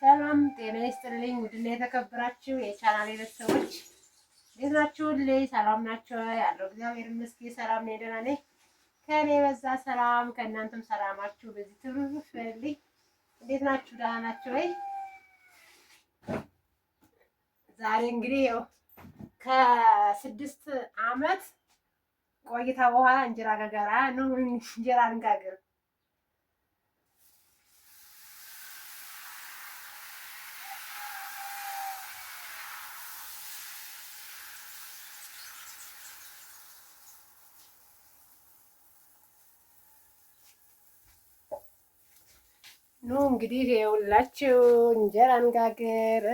ሰላም ጤና ይስጥልኝ። ውድና የተከበራችሁ የቻናል ቤተሰቦች እንዴት ናችሁልኝ? ሰላም ናቸው ያለው እግዚአብሔር ይመስገን። ሰላም ነኝ፣ ደህና ነኝ። ከኔ በዛ ሰላም ከእናንተም ሰላማችሁ በዚህ ትሩፍ ፈልኝ። እንዴት ናችሁ? ደህና ናችሁ ወይ? ዛሬ እንግዲህ ያው ከስድስት አመት ቆይታ በኋላ እንጀራ ጋገራ ነው። እንጀራ እንጋገር ኑ እንግዲህ የሁላችሁ እንጀራ እንጋግር።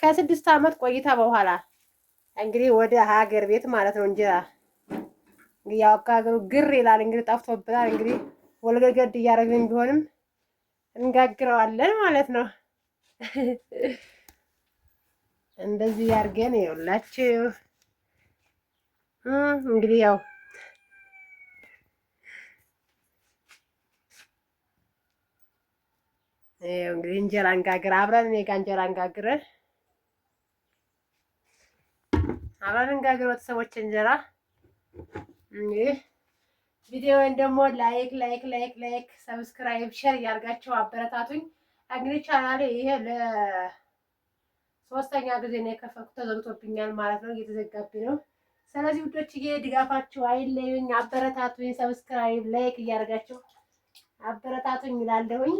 ከስድስት ዓመት ቆይታ በኋላ እንግዲህ ወደ ሀገር ቤት ማለት ነው። እንጀራ ያው ግር ይላል እንግዲህ ጠፍቶብናል። እንግዲህ እያደረግን ቢሆንም እንጋግረዋለን ማለት ነው። እንደዚህ ያርገን የሁላችሁ እንግዲህ ያው እንግዲህ እንጀራ እንጋግር አብረን እኔ ጋ እንጀራ እንጋግረን አብረን እንጋግር ቤተሰቦች እንጀራ እንግዲህ ቪዲዮውን ደግሞ ላይክ ላይክ ላይክ ላይክ ሰብስክራይብ ሼር እያደርጋችሁ አበረታቱኝ። እንግዲህ ቻናሌ ይሄ ለሶስተኛ ጊዜ ነው የከፈትኩት፣ ተዘግቶብኛል ማለት ነው፣ እየተዘጋብኝ ነው። ስለዚህ ውዶችዬ ድጋፋችሁ አይለዩኝ፣ አበረታቱኝ። ሰብስክራይብ ላይክ እያደርጋችሁ አበረታቱኝ ይላለሁኝ።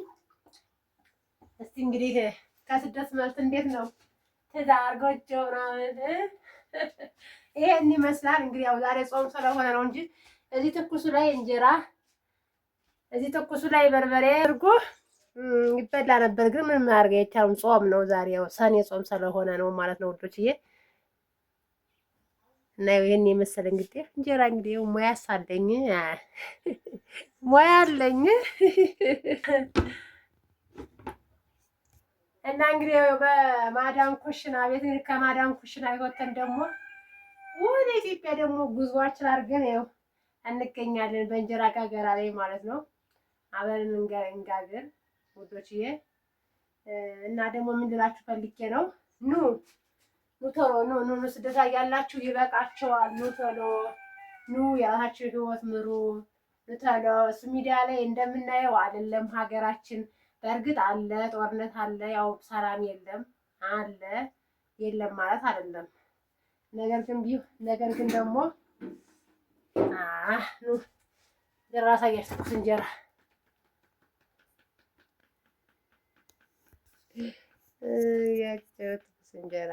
እስቲ እንግዲህ ከስደት መልስ እንዴት ነው ትዳር ጎጆ ምናምን ይሄን ይመስላል። እንግዲህ ያው ዛሬ ጾም ስለሆነ ነው እንጂ እዚህ ትኩሱ ላይ እንጀራ፣ እዚህ ትኩሱ ላይ በርበሬ አድርጎ ይበላ ነበር። ግን ምን ማድረግ አይቻልም፣ ጾም ነው ዛሬ። ያው ሰኔ ጾም ስለሆነ ነው ማለት ነው ውዶችዬ። እና ይሄን የመሰለ እንግዲህ እንጀራ እንግዲህ ሙያ ሳለኝ ሙያ አለኝ። እና እንግዲህ በማዳን ኩሽና ቤት እንግዲህ ከማዳም ኩሽና ወጥተን ደግሞ ወደ ኢትዮጵያ ደግሞ ጉዟችን አድርገን ያው እንገኛለን። በእንጀራ ጋገራ ላይ ማለት ነው። አበርን እንጋግር ውዶችዬ። እና ደግሞ ምን ፈልጌ ነው ኑ ኑ ቶሎ ኑ ኑ ኑ፣ ስደታ ያላችሁ ይበቃቸዋል። ኑ ቶሎ ኑ፣ የራሳችሁ ህይወት ምሩ። ኑ ቶሎ ሚዲያ ላይ እንደምናየው አይደለም ሀገራችን በእርግጥ አለ፣ ጦርነት አለ፣ ያው ሰላም የለም አለ የለም ማለት አይደለም። ነገር ግን ቢሆን ነገር ግን ደግሞ አህ ኑ ራሳ ያስኩት እንጀራ ያቸው እንጀራ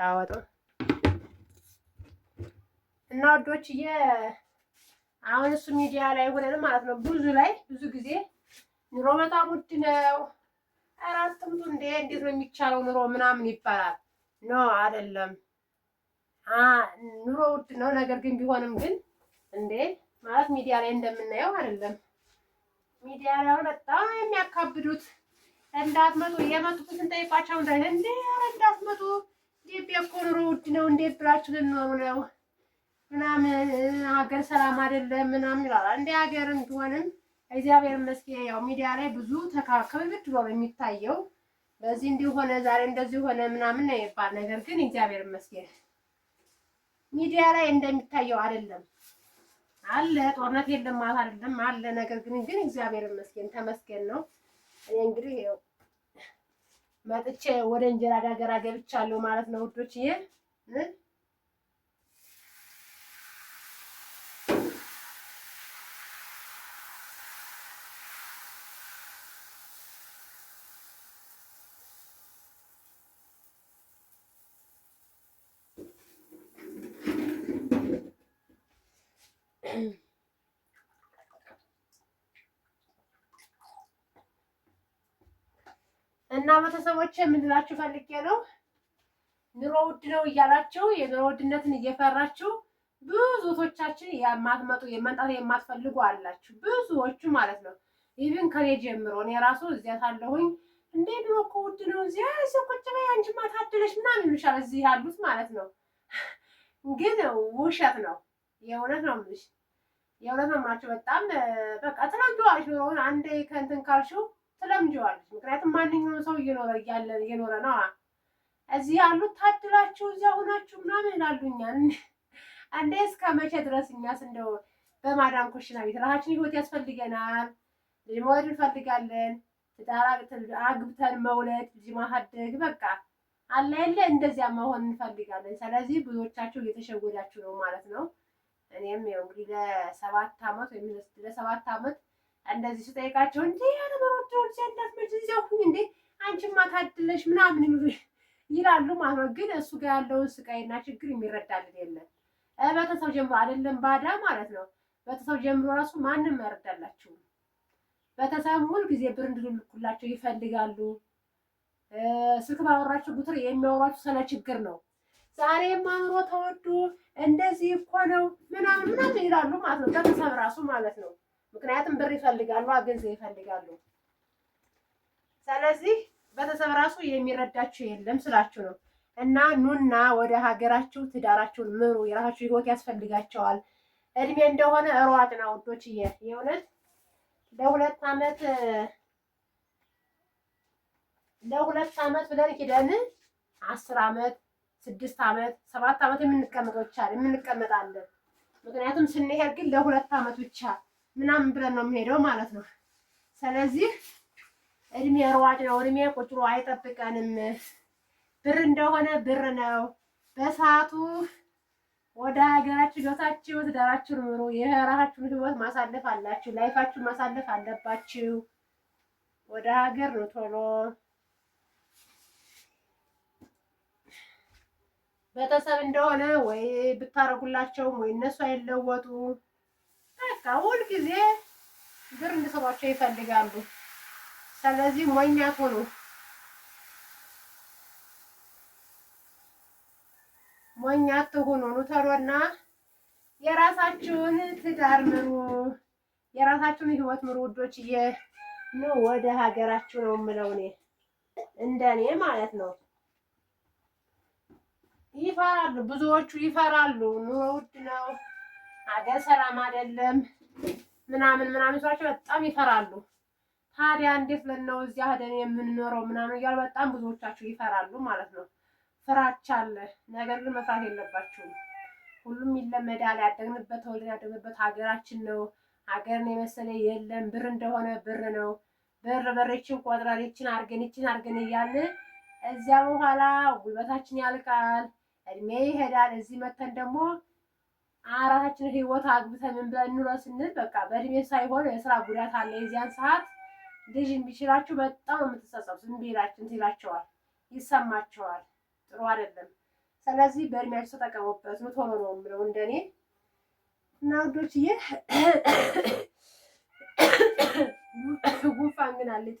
ታወጡ እና ወዶችዬ አሁን እሱ ሚዲያ ላይ ሆነን ማለት ነው ብዙ ላይ ብዙ ጊዜ ኑሮ በጣም ውድ ነው፣ ኧረ እንዴ እንዴት ነው የሚቻለው ኑሮ ምናምን ይባላል። ኖ አይደለም፣ ኑሮ ውድ ነው። ነገር ግን ቢሆንም ግን እንዴ ማለት ሚዲያ ላይ እንደምናየው አይደለም። ሚዲያ ላይ በጣም የሚያካብዱት እንዳትመጡ የመጡትን ጠይቋቸው እንደ እንዴ እንዳትመጡ ኢትዮጵያ እኮ ኑሮ ውድ ነው፣ እንዴት ብላችሁ ልንኖሩ ነው ምናምን ሀገር ሰላም አይደለም ምናምን ይላል። እንደ ሀገር እንዲሆንም እግዚአብሔር ይመስገን። ያው ሚዲያ ላይ ብዙ ተካክብብት ነው የሚታየው። በዚህ እንዲህ ሆነ፣ ዛሬ እንደዚህ ሆነ ምናምን ነው የሚባል ነገር ግን እግዚአብሔር ይመስገን ሚዲያ ላይ እንደሚታየው አይደለም። አለ ጦርነት የለም ማለት አይደለም አለ። ነገር ግን ግን እግዚአብሔር ይመስገን ተመስገን ነው። እኔ እንግዲህ ያው መጥቼ ወደ እንጀራ ጋገራ ገብቻለሁ ማለት ነው ውዶችዬ። እና ቤተሰቦች የምንላችሁ ፈልጌ ነው ኑሮ ውድ ነው እያላችሁ የኑሮ ውድነትን እየፈራችሁ ብዙዎቻችን የማትመጡ የመምጣት የማትፈልጉ አላችሁ፣ ብዙዎቹ ማለት ነው። ኢቭን ከኔ ጀምሮ እኔ ራሱ እዚያ ሳለሁኝ እንዴ ድሮ እኮ ውድ ነው እዚያ ቁጭ በይ አንቺማ ታድለሽ ምናምን ይሉሻል እዚህ ያሉት ማለት ነው። ግን ውሸት ነው፣ የእውነት ነው የምልሽ የእውነት ነው የምላቸው በጣም በቃ ትለምጂዋለሽ ኑሮውን አንዴ ከእንትን ካልሽው ትለምጂዋለሽ። ምክንያቱም ማንኛውም ሰው እየኖረ እያለ እየኖረ ነው እዚህ ያሉት ታድላችሁ እዚያ ሆናችሁ ምናምን ይላሉኛል። አንዴ እስከ መቼ ድረስ እኛስ እንደው በማዳም ኩሽና ቤት ራሳችን ህይወት ያስፈልገናል። ልጅ መውለድ እንፈልጋለን። ትዳር አግብተን መውለድ ልጅ ማሳደግ በቃ አለ የለ እንደዚያ መሆን እንፈልጋለን። ስለዚህ ብዙዎቻችሁ እየተሸወዳችሁ ነው ማለት ነው። እኔም ያው እንግዲህ ለሰባት አመት ወይም ለሰባት አመት እንደዚህ ስጠይቃቸው እንዴ ያነበሮቸውን ሲያላት መች ዚያሁኝ እንዴ አንቺማ ታድለሽ ምናምን ይላሉ ማለት ነው። ግን እሱ ጋር ያለውን ስቃይና ችግር የሚረዳልን የለን በተሰው ጀምሮ አይደለም ባዳ ማለት ነው። በተሰው ጀምሮ ራሱ ማንም ያረዳላችሁም። በተሰብ ሁል ጊዜ ብር እንድልልኩላቸው ይፈልጋሉ። ስልክ ባወራቸው ቁጥር የሚያወራችሁ ስለ ችግር ነው። ዛሬ ማኑሮ ተወዱ እንደዚህ እኮ ነው ምናምን ምናምን ይላሉ ማለት ነው። ከተሰብ ራሱ ማለት ነው። ምክንያቱም ብር ይፈልጋሉ፣ ገንዘብ ይፈልጋሉ። ስለዚህ በተሰብ ራሱ የሚረዳችሁ የለም ስላችሁ ነው። እና ኑና ወደ ሀገራችሁ ትዳራችሁን ምሩ። የራሳችሁ ህይወት ያስፈልጋቸዋል። እድሜ እንደሆነ ሯጥ ነው ውዶችዬ። የእውነት ለሁለት ዓመት ለሁለት ዓመት ብለን ሂደን አስር ዓመት ስድስት ዓመት ሰባት ዓመት የምንቀመጠው ይቻል የምንቀመጣለን። ምክንያቱም ስንሄድ ግን ለሁለት ዓመት ብቻ ምናምን ብለን ነው የምንሄደው ማለት ነው። ስለዚህ እድሜ ሯጭ ነው። እድሜ ቁጭ አይጠብቀንም። ብር እንደሆነ ብር ነው። በሰዓቱ ወደ ሀገራችሁ ጆታችሁ ዳራችሁ ኑሩ። የራሳችሁን ህይወት ማሳለፍ አላችሁ፣ ላይፋችሁን ማሳለፍ አለባችሁ። ወደ ሀገር ነው ቶሎ ቤተሰብ እንደሆነ ወይ ብታረጉላቸውም ወይ እነሱ አይለወጡ። በቃ ሁልጊዜ ጊዜ ብር እንድሰጧቸው ይፈልጋሉ። ስለዚህ ሞኛ አትሆኑ። ሞኛ አትሆኑ። ኑተሮና የራሳችሁን ትዳር ምሩ፣ የራሳችሁን ህይወት ምሩ ውዶችዬ። ነው ወደ ሀገራችሁ ነው የምለው እኔ እንደኔ ማለት ነው። ይፈራሉ። ብዙዎቹ ይፈራሉ። ኑሮ ውድ ነው፣ አገር ሰላም አይደለም ምናምን ምናምን ሰዋቸው በጣም ይፈራሉ። ታዲያ እንዴት ለነው እዚያ ሄደን የምንኖረው ምናምን እያሉ በጣም ብዙዎቻችሁ ይፈራሉ ማለት ነው። ፍራቻ አለ፣ ነገር ግን መፍራት የለባችሁም። ሁሉም ይለመዳል። ያደግንበት ተወልደን ያደግንበት ሀገራችን ነው። ሀገርን የመሰለ የለም። ብር እንደሆነ ብር ነው። ብር በሬችን ቆጥረን ይችን አርገን ይችን አርገን እያልን እዚያ በኋላ ጉልበታችን ያልቃል። እድሜ ይሄዳል። እዚህ መተን ደግሞ አራታችን ህይወት አግብተን ምን ብለን እንኑረ ስንል በቃ በእድሜ ሳይሆን የስራ ጉዳት አለ። የዚያን ሰዓት ልጅ እንዲችላችሁ በጣም የምትጸጸቱ እንዲላችን ይላቸዋል፣ ይሰማቸዋል። ጥሩ አይደለም። ስለዚህ በእድሜያችሁ ተጠቀሙበት ነው ቶሎ ነው የምለው እንደኔ እና ውዶች ይህ ጉንፋን ግን አለች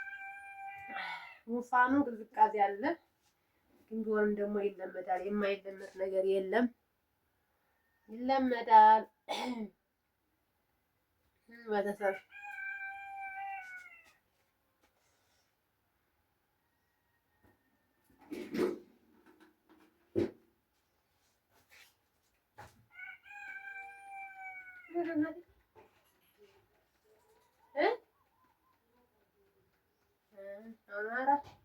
ሙፋኑ ቅዝቃዜ አለ፣ ግን ቢሆንም ደግሞ ይለመዳል። የማይለመድ ነገር የለም፣ ይለመዳል። ቤተሰብ right.